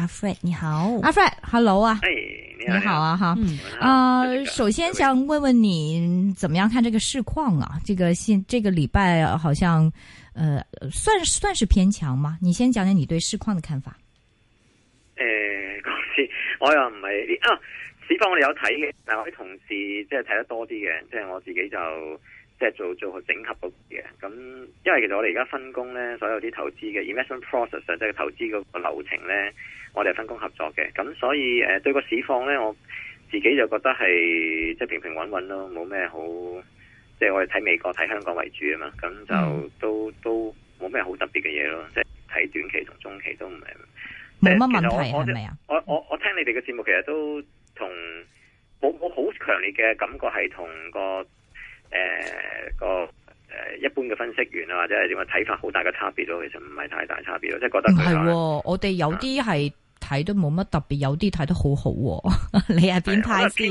阿 Fred 你好，阿 Fred，Hello 啊，你好啊哈，啊，首先想問問你怎麼樣看這個市況啊？這個現這個禮拜好像，呃，算算是偏強嘛？你先講講你對市況的看法。誒、呃，同我又唔係啊，市況我哋有睇嘅，但係我啲同事即係睇得多啲嘅，即係我自己就。即係做做整合嗰啲嘢，咁因為其實我哋而家分工咧，所有啲投資嘅 investment process，即係投資嗰個流程咧，我哋分工合作嘅，咁所以誒對個市況咧，我自己就覺得係即係平平穩穩咯，冇咩好，即係我哋睇美國睇香港為主啊嘛，咁就、嗯、都都冇咩好特別嘅嘢咯，即係睇短期同中期都唔係冇乜問題係咪啊？我我,我,我聽你哋嘅節目，其實都同我好強烈嘅感覺係同個。誒，呃那個誒、呃、一般嘅分析員啊，或者係點啊，睇法好大嘅差別咯，其實唔係太大差別咯，即係覺得唔係、就是哦，我哋有啲係睇都冇乜特別、啊，有啲睇得好好。 你係、哎、邊派先？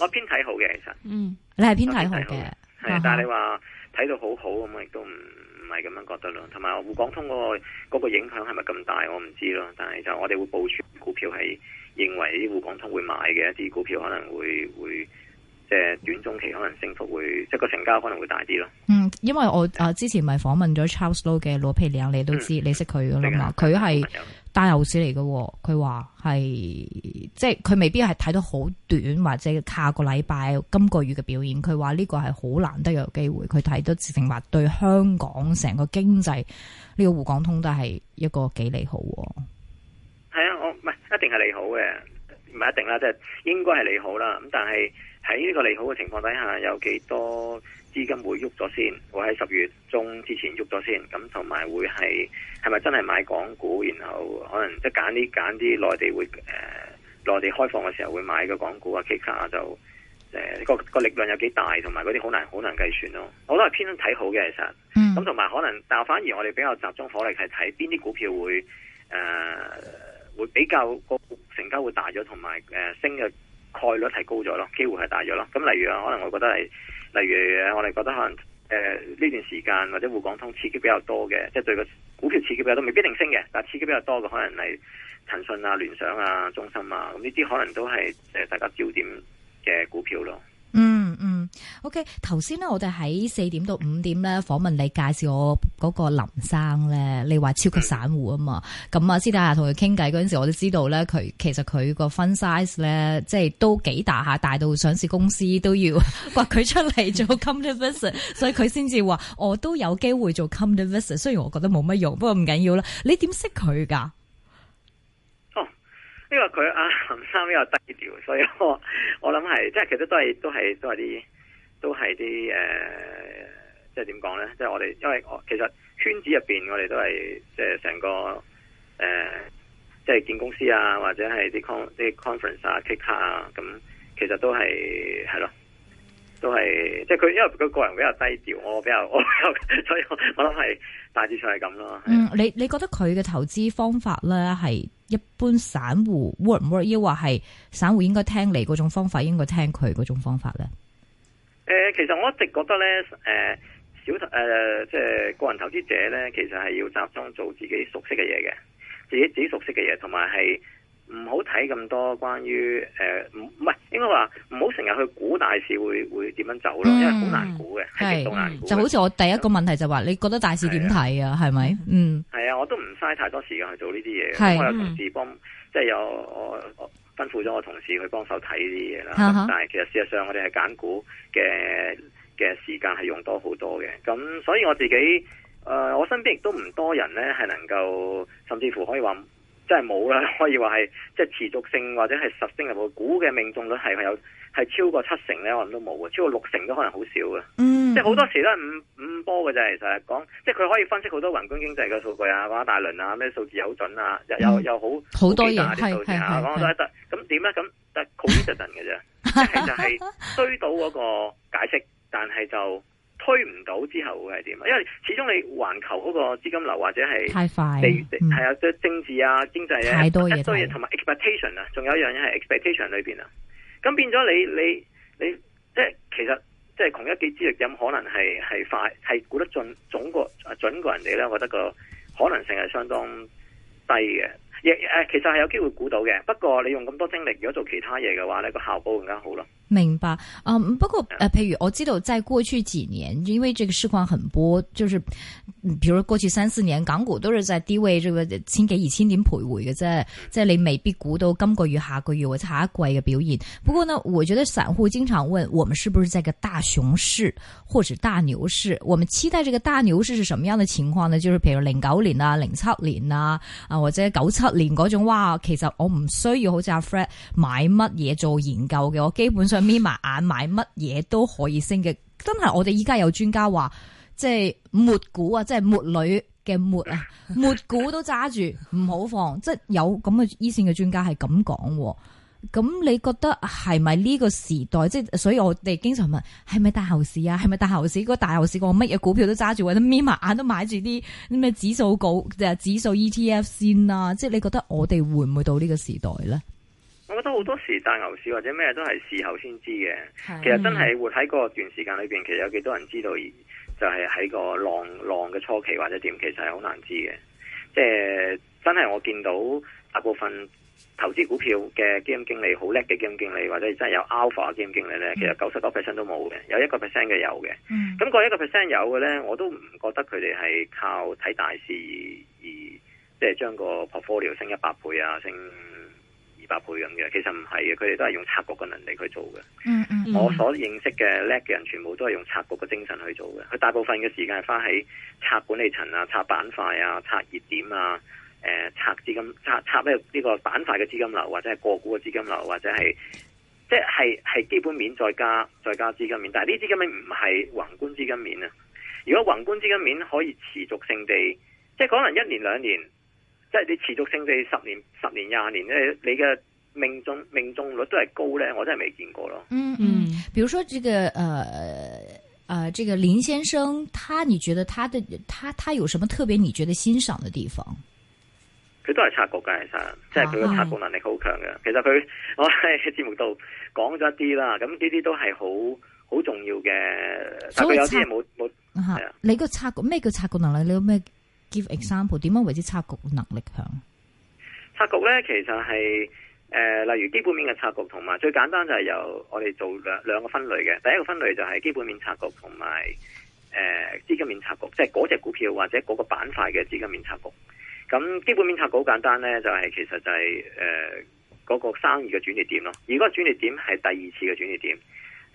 我偏睇好嘅，其實嗯，你係偏睇好嘅，係、啊、哈但係你話睇到好好咁，亦都唔唔係咁樣覺得咯。同埋滬港通、那個嗰、那個影響係咪咁大，我唔知咯。但係就我哋會保存股票，係認為啲滬港通會買嘅一啲股票，可能會會。誒，短中期可能升幅會，即係個成交可能會大啲咯。嗯，因為我誒、啊、之前咪訪問咗 Charles Low 嘅羅皮利你都知道、嗯、你識佢噶啦嘛，佢係大牛市嚟噶。佢話係即係佢未必係睇到好短或者下個禮拜今個月嘅表演。佢話呢個係好難得有機會。佢睇到成話對香港成個經濟呢、這個滬港通都係一個幾利好。係啊，我唔係一定係利好嘅。唔係一定啦，即係應該係利好啦。咁但係喺呢個利好嘅情況底下，有幾多資金會喐咗先？會喺十月中之前喐咗先？咁同埋會係係咪真係買港股？然後可能即係揀啲揀啲內地會誒、呃、內地開放嘅時候會買嘅港股啊？其他就誒個個力量有幾大？同埋嗰啲好難好難計算咯。我都係偏睇好嘅，其實。嗯。咁同埋可能，但反而我哋比較集中火力係睇邊啲股票會誒、呃、會比較成交會大咗，同埋誒升嘅概率提高咗咯，機會係大咗咯。咁例如啊，可能我覺得係，例如、啊、我哋覺得可能誒呢、呃、段時間或者滬港通刺激比較多嘅，即係對個股票刺激比較多，未必一定升嘅，但刺激比較多嘅可能係騰訊啊、聯想啊、中芯啊，咁呢啲可能都係、呃、大家焦點嘅股票咯。OK，頭先咧，okay，我哋喺四點到五點咧訪問你介紹我嗰個林生咧，你話超級散戶啊嘛。咁啊私底下同佢傾偈嗰陣時，我都知道咧，佢其實佢個 fan size 咧，即係都幾大下，大到上市公司都要話佢出嚟做 company visit，所以佢先至話我都有機會做 company visit，雖然我覺得冇乜用，不過唔緊要啦。你點識佢噶？哦，因為佢阿林生比較低調，所以我我諗係即係，其實都係都係都係啲。都係啲誒，即係點講咧？即係我哋，因為我其實圈子入邊，我哋都係即係成個誒，即係建、呃、公司啊，或者係啲 con 啲 conference 啊，kick 啊，咁其、啊、其實都係係咯，都係即係佢，因為佢個人比較低調，我比較，我比較我比較所以我諗係大致上係咁咯。嗯，你你覺得佢嘅投資方法咧，係一般散戶 work 唔 work？抑或係散戶應該聽你嗰種方法，應該聽佢嗰種方法咧？誒、呃，其實我一直覺得咧，誒、呃，小投誒、呃，即係個人投資者咧，其實係要集中做自己熟悉嘅嘢嘅，自己自己熟悉嘅嘢，同埋係唔好睇咁多關於誒，唔唔係應該話唔好成日去估大市會會點樣走咯，因為好難估嘅，係極度難估的、嗯。就好似我第一個問題就話、是，樣你覺得大市點睇啊？係咪、啊？嗯，係啊，我都唔嘥太多時間去做呢啲嘢，是嗯、我有同事幫，嗯、即係有。吩咐咗我同事去幫手睇啲嘢啦，啊、哈但係其實事實上我哋係揀股嘅嘅時間係用多好多嘅。咁所以我自己，誒、呃、我身邊亦都唔多人咧係能夠，甚至乎可以話。真係冇啦，可以話係即係持續性或者係實升入去股嘅命中率係有係超過七成咧，我諗都冇啊，超過六成都可能好少嘅。嗯，即係好多時咧五五波嘅啫，其實係講，即係佢可以分析好多宏觀經濟嘅數據啊，或大輪啊，咩數字好準啊，又又又好、嗯、好大數字、啊、多嘢係。講都得。咁點咧？咁得 confirmation 嘅啫，即係就係追到嗰個解釋，但係就。推唔到之後會係點？因為始終你環球嗰個資金流或者係太快，係啊、嗯，即政治啊、經濟咧、啊，太多嘢、就是，多嘢，同埋 expectation 啊，仲有一樣嘢係 expectation 裏邊啊。咁變咗你你你，即係其實即係窮一己之力，有可能係係快係估得準，總過準過人哋咧。我覺得個可能性係相當低嘅。亦誒，其實係有機會估到嘅。不過你用咁多精力，如果做其他嘢嘅話咧，個效果更加好咯。明白，嗯，不過誒，佩、呃、宇，譬如我知道喺過去幾年，因為這個市況很波，就是，比如過去三四年，港股都是在低位，這個千幾二千點徘徊嘅啫，即係你未必估到今個月、下個月或者下一季嘅表現。不過呢，我覺得散戶經常問我們，是不是在一個大熊市或者大牛市？我們期待這個大牛市是什麼樣的情況呢？就是譬如零九年啊、零七年啊，啊、呃、或者九七年嗰種，哇，其實我唔需要好似阿 Fred 買乜嘢做研究嘅，我基本上。眯埋眼買乜嘢都可以升嘅，真係我哋依家有專家話，即係末股啊，即係末女嘅末啊，末股都揸住唔好放，即係有咁嘅一綫嘅專家係咁講，咁你覺得係咪呢個時代？即係所以我哋經常問，係咪大後市啊？係咪大後市？嗰個大後市講乜嘢股票都揸住，或者眯埋眼都買住啲咩指數股、就指數 ETF 先啊？即係你覺得我哋會唔會到呢個時代咧？我覺得好多時大牛市或者咩都係事後先知嘅，其實真係活喺嗰段時間裏邊，其實有幾多人知道，而就係喺個浪浪嘅初期或者點，其實係好難知嘅。即係真係我見到大部分投資股票嘅基金經理好叻嘅基金經理，或者真係有 alpha 基金經理咧，其實九十九 percent 都冇嘅，有一個 percent 嘅有嘅。嗯，咁嗰一個 percent 有嘅咧，我都唔覺得佢哋係靠睇大市而即係將個 portfolio 升一百倍啊，升。百倍咁嘅，其實唔係嘅，佢哋都係用拆局嘅能力去做嘅、嗯。嗯嗯，我所認識嘅叻嘅人，全部都係用拆局嘅精神去做嘅。佢大部分嘅時間係花喺拆管理層啊、拆板塊啊、拆熱點啊、誒、呃、拆資金、拆拆咧呢個板塊嘅資金流或者係個股嘅資金流或者係，即係係基本面再加再加資金面，但係呢啲資金面唔係宏觀資金面啊。如果宏觀資金面可以持續性地，即係可能一年兩年。即係你持續升利十年、十年廿年咧，你嘅命中命中率都係高咧，我真係未見過咯。嗯嗯，比如說這個誒啊、呃呃，這個林先生，他你覺得他的他他有什麼特別你覺得欣賞的地方？佢都係拆局噶，即係佢嘅拆局能力好強嘅。啊、其實佢的我喺節目度講咗一啲啦，咁呢啲都係好好重要嘅。但佢有啲冇冇吓？你個拆局咩叫拆局能力？你有咩？Give example 點樣為之拆局能力強？拆局呢，其實係誒、呃，例如基本面嘅拆局，同埋最簡單就係由我哋做兩兩個分類嘅。第一個分類就係基本面拆局，同埋誒資金面拆局，即係嗰隻股票或者嗰個板塊嘅資金面拆局。咁基本面拆局好簡單呢，就係、是、其實就係誒嗰個生意嘅轉折點咯。而嗰個轉折點係第二次嘅轉折點。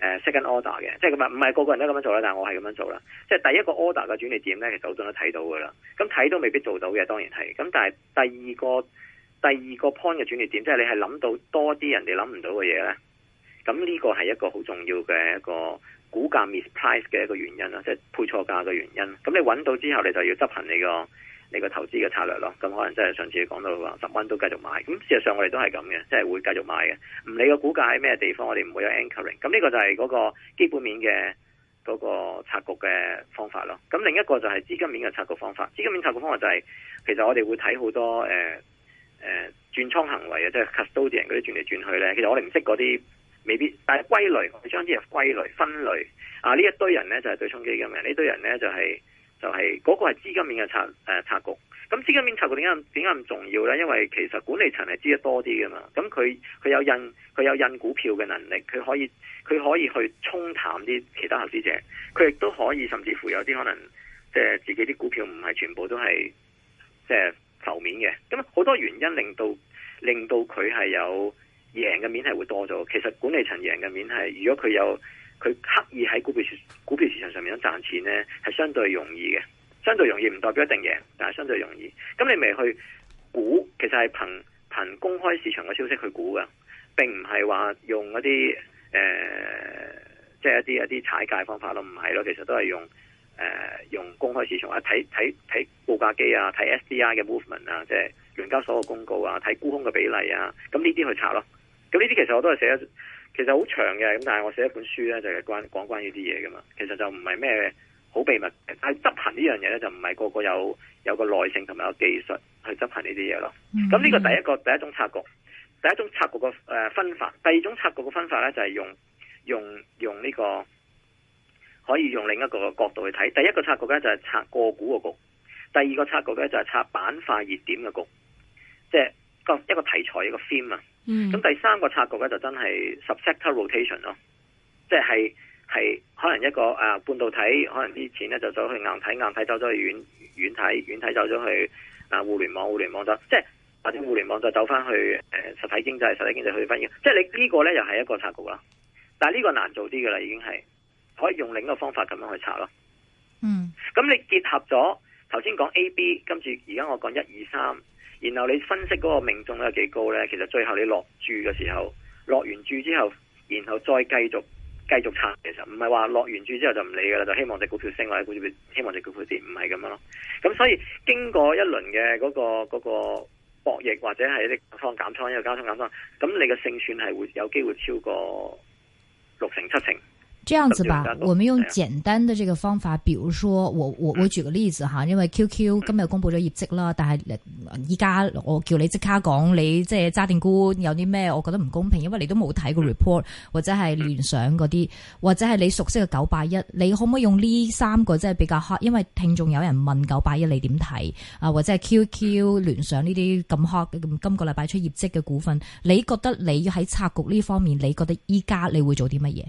誒、uh, order 嘅，即係咁唔係個個人都咁樣做啦，但我係咁樣做啦。即係第一個 order 嘅轉捩點呢，其實我都都睇到㗎啦。咁睇都未必做到嘅，當然係。咁但係第二個第二個 point 嘅轉捩點，即係你係諗到多啲人哋諗唔到嘅嘢呢。咁呢個係一個好重要嘅一個股價 misprice 嘅一個原因啦，即係配錯價嘅原因。咁你揾到之後，你就要執行你個你個投資嘅策略咯，咁可能即係上次你講到話十蚊都繼續買，咁事實上我哋都係咁嘅，即係會繼續買嘅，唔理個股價喺咩地方，我哋唔會有 anchoring。咁呢個就係嗰個基本面嘅嗰個拆局嘅方法咯。咁另一個就係資金面嘅拆局方法，資金面拆局方法就係，其實我哋會睇好多誒誒轉倉行為啊，即係 custodian 嗰啲轉嚟轉去咧。其實我哋唔識嗰啲，未必，但係歸類，我將啲嘢歸類、分類啊，呢一堆人咧就係對沖基金人，呢堆人咧就係。就係嗰個係資金面嘅拆誒拆局，咁資金面拆局點解點解咁重要呢？因為其實管理層係知得多啲嘅嘛，咁佢佢有印佢有印股票嘅能力，佢可以佢可以去沖淡啲其他投資者，佢亦都可以甚至乎有啲可能，即係自己啲股票唔係全部都係即係浮面嘅，咁好多原因令到令到佢係有贏嘅面係會多咗。其實管理層贏嘅面係，如果佢有。佢刻意喺股票股票市場上面想賺錢呢，係相對容易嘅。相對容易唔代表一定贏，但係相對容易。咁你咪去估，其實係憑憑公開市場嘅消息去估㗎，並唔係話用一啲誒，即係一啲一啲踩界方法咯，唔係咯。其實都係用誒用公開市場啊，睇睇睇報價機啊，睇 S D I 嘅 movement 啊，即係聯交所嘅公告啊，睇沽空嘅比例啊，咁呢啲去查咯。咁呢啲其實我都係寫咗。其實好長嘅，咁但係我寫一本書咧就係、是、關講關於啲嘢噶嘛，其實就唔係咩好秘密。係執行這件事呢樣嘢咧就唔係個個有有個耐性同埋有技術去執行呢啲嘢咯。咁呢、嗯嗯、個第一個第一種拆局，第一種拆局嘅誒分法，第二種拆局嘅分法咧就係用用用呢、這個可以用另一個角度去睇。第一個拆局咧就係拆個股個局，第二個拆局咧就係拆板塊熱點嘅局，即係個一個題材一個 theme 啊。咁、嗯、第三個策局咧就真係 subsector rotation 咯，即係係可能一個誒、呃、半導體，可能啲錢咧就走去硬體，硬體走咗去軟軟體，軟體走咗去啊、呃、互聯網，互聯網走即係、就是、或者互聯網再走翻去誒、呃、實體經濟，實體經濟去翻嘢，即、就、係、是、你、這個、呢個咧又係一個策局啦。但係呢個難做啲嘅啦，已經係可以用另一個方法咁樣去查咯。嗯，咁你結合咗頭先講 A、B，跟住而家我講一二三。然後你分析嗰個命中率有幾高呢？其實最後你落注嘅時候，落完注之後，然後再繼續繼續拆，其實唔係話落完注之後就唔理噶啦，就希望隻股票升或者股票希望隻股票跌，唔係咁樣咯。咁所以經過一輪嘅嗰、嗰個、嗰個博弈或者係啲放減倉又加倉減倉，咁你嘅勝算係會有機會超過六成七成。.這樣子吧，我們用簡單的這個方法，比如說，我我我舉個例子，因為 Q Q 今日公布咗業績啦，但係依家我叫你即刻講，你即係揸定沽有啲咩？我覺得唔公平，因為你都冇睇過 report 或者係聯想嗰啲，或者係你熟悉嘅九八一，你可唔可以用呢三個即係比較 hot，因為聽眾有人問九八一你點睇啊，或者係 Q Q 聯想呢啲咁 hot 咁今個禮拜出業績嘅股份，你覺得你要喺拆局呢方面，你覺得依家你會做啲乜嘢？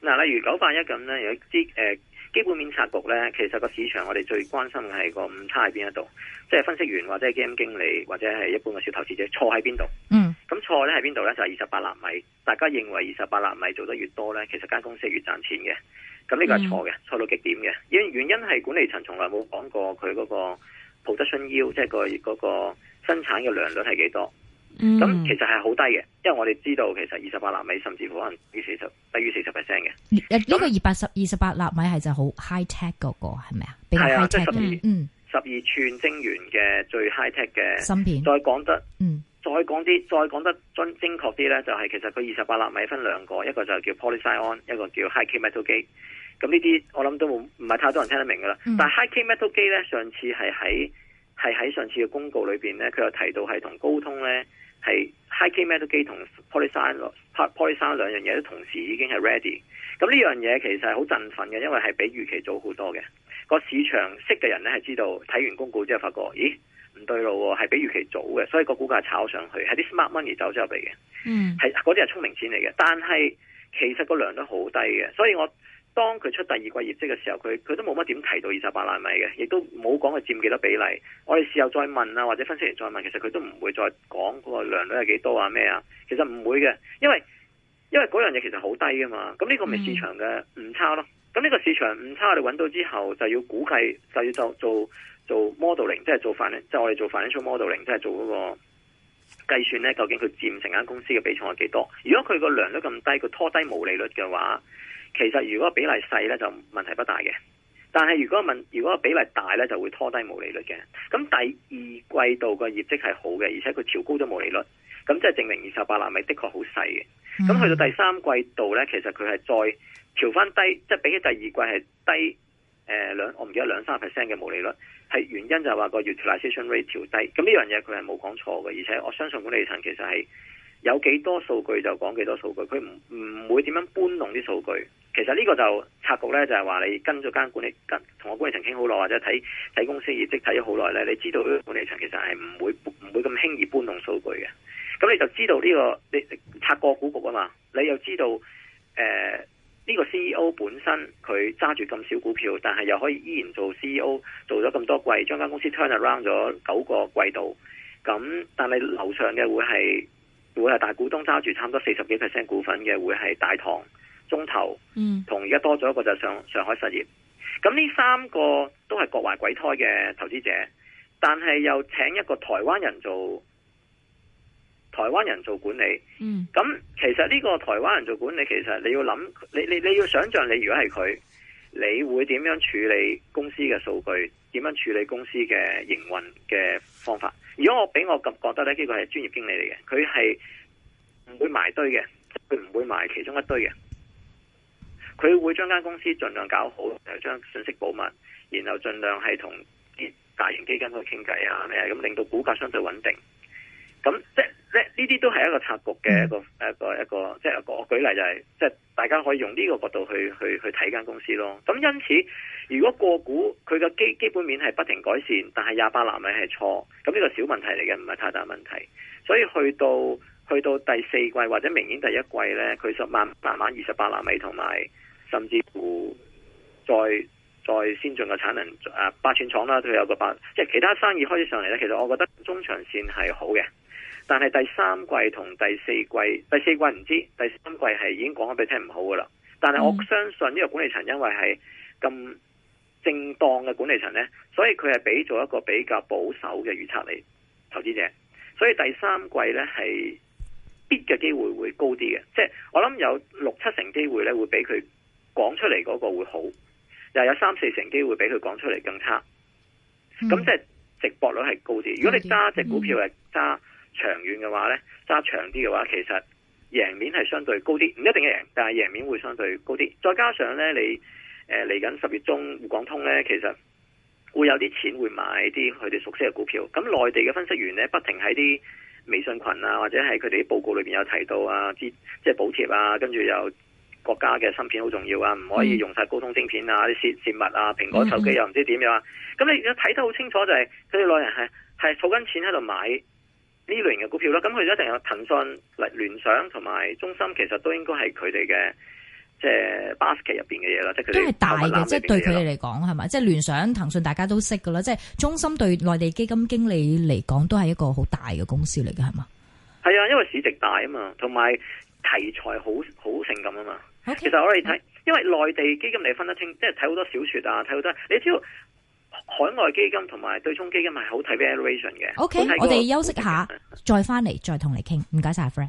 嗱，例如九八一咁咧，有啲誒基本面拆局咧，其實個市場我哋最關心係個誤差喺邊一度，即係分析員或者係基金經理或者係一般嘅小投資者錯喺邊度？嗯，咁錯咧喺邊度咧？就係二十八納米，大家認為二十八納米做得越多咧，其實間公司越賺錢嘅，咁呢個係錯嘅，錯到極點嘅，因原因係管理層從來冇講過佢嗰個 production yield，即係個嗰個生產嘅量率係幾多？咁、嗯、其實係好低嘅，因為我哋知道其實二十八納米甚至乎可能二四十低於四十 percent 嘅。呢個二八十二十八納米係就好 high tech 嗰，那個係咪啊？係、就、啊、是嗯，即係十二十二寸晶圓嘅最 high tech 嘅芯片。再講得嗯再講啲再講得準精確啲咧，就係、是、其實佢二十八納米分兩個，一個就叫 polysilicon 一個叫 high k metal 基。咁呢啲我諗都唔係太多人聽得明噶啦。嗯、但係 high k metal 基咧，上次係喺係喺上次嘅公告裏邊咧，佢有提到係同高通咧。基咩都基同 policy 三咯 policy 兩樣嘢都同時已經係 ready。咁呢樣嘢其實係好振奮嘅，因為係比預期早好多嘅。個市場識嘅人咧係知道，睇完公告之後發覺，咦唔對路喎、哦，係比預期早嘅，所以個股價炒上去係啲 smart money 走咗入嚟嘅，嗯，係嗰啲係聰明錢嚟嘅，但係其實個量都好低嘅，所以我。當佢出第二季業績嘅時候，佢佢都冇乜點提到二十八納米嘅，亦都冇講佢佔幾多比例。我哋事後再問啊，或者分析師再問，其實佢都唔會再講嗰個量率係幾多啊咩啊。其實唔會嘅，因為因為嗰樣嘢其實好低噶嘛。咁呢個咪市場嘅誤差咯。咁呢個市場誤差，我哋揾到之後就要估計，就要做做做 modeling, 即是做、就是、做 modeling，即係做返即係我哋做 financial modeling，即係做嗰個計算呢，究竟佢佔成間公司嘅比重係幾多？如果佢個量率咁低，佢拖低毛利率嘅話。其實如果比例細咧就問題不大嘅，但係如果問，如果比例大咧就會拖低毛利率嘅。咁第二季度個業績係好嘅，而且佢調高咗毛利率，咁即係證明二十八納米的確好細嘅。咁、嗯、去到第三季度咧，其實佢係再調翻低，即、就、係、是、比起第二季係低誒兩、呃、我唔記得兩三 percent 嘅毛利率，係原因就係話個 utilization rate 調低。咁呢樣嘢佢係冇講錯嘅，而且我相信管理層其實係。有幾多數據就講幾多數據，佢唔唔會點樣搬弄啲數據。其實呢個就拆局呢，就係話你跟咗間管理同我管理層傾好耐，或者睇睇公司業績睇咗好耐呢，你知道管理層其實係唔會唔會咁輕易搬弄數據嘅。咁你就知道呢個你拆過股局啊嘛，你又知道誒呢個 CEO 本身佢揸住咁少股票，但係又可以依然做 CEO 做咗咁多季，將間公司 turn around 咗九個季度。咁但係樓上嘅會係。會係大股東揸住差唔多四十幾 percent 股份嘅，會係大唐、中投，嗯，同而家多咗一個就係上上海實業。咁呢三個都係各懷鬼胎嘅投資者，但係又請一個台灣人做台灣人做管理，嗯，咁其實呢個台灣人做管理，其實你要諗，你你你要想象你如果係佢，你會點樣處理公司嘅數據，點樣處理公司嘅營運嘅方法？如果我俾我咁覺得咧，呢、呢個係專業經理嚟嘅，佢係唔會埋堆嘅，佢唔會埋其中一堆嘅，佢會將間公司盡量搞好，又將信息保密，然後盡量係同啲大型基金去傾偈啊咩咁，令到股價相對穩定。咁即係呢？呢啲都係一個拆局嘅一個一個一個，一個，即係我舉例就係，是，即係大家可以用呢個角度去去去睇間公司咯。咁因此，如果個股佢嘅基基本面係不停改善，但係廿八納米係錯，咁呢個小問題嚟嘅，唔係太大問題。所以去到去到第四季或者明年第一季呢，佢慢慢二十八納米同埋甚至乎再再先進嘅產能啊八寸廠啦，佢有個八，即係其他生意開始上嚟呢，其實我覺得中長線係好嘅。但係第三季同第四季，第四季唔知，第三季係已經講咗俾你聽唔好噶啦。但係我相信呢個管理層，因為係咁正當嘅管理層呢，所以佢係俾咗一個比較保守嘅預測嚟，投資者。所以第三季呢，係必嘅機會會高啲嘅，即係我諗有六七成機會呢會比佢講出嚟嗰個會好，又有三四成機會比佢講出嚟更差。咁即係值博率係高啲。如果你揸隻股票係揸長遠嘅話呢，揸長啲嘅話，其實贏面係相對高啲，唔一定係贏，但係贏面會相對高啲。再加上呢，你誒嚟緊十月中，滬港通呢，其實會有啲錢會買啲佢哋熟悉嘅股票。咁內地嘅分析員呢，不停喺啲微信群啊，或者喺佢哋啲報告裏面有提到啊，即係即係補貼啊，跟住又國家嘅芯片好重要啊，唔可以用晒高通芯片啊、啲洩密啊、蘋果手機又唔知點樣、啊。咁、嗯嗯嗯、你睇得好清楚就係、係，佢哋內地人係係儲緊錢喺度買。呢類型嘅股票咯，咁佢一定有騰訊、嚟聯想同埋中芯，其實都應該係佢哋嘅即係 basket 入邊嘅嘢啦。即係佢哋都係大嘅，他們的即係對佢哋嚟講係嘛，即係聯想、騰訊大家都識噶啦即係中芯對內地基金經理嚟講，都係一個好大嘅公司嚟嘅，係嘛？係啊，因為市值大啊嘛，同埋題材好好性感啊嘛。Okay. 其實我哋睇，Okay. 因為內地基金你分得清，即係睇好多小說啊，睇好多，你只要。海外基金同埋對沖基金係好睇、e、valuation 嘅。O Okay , K，我哋休息下，看再翻嚟 再同你傾。唔該晒阿 Fred。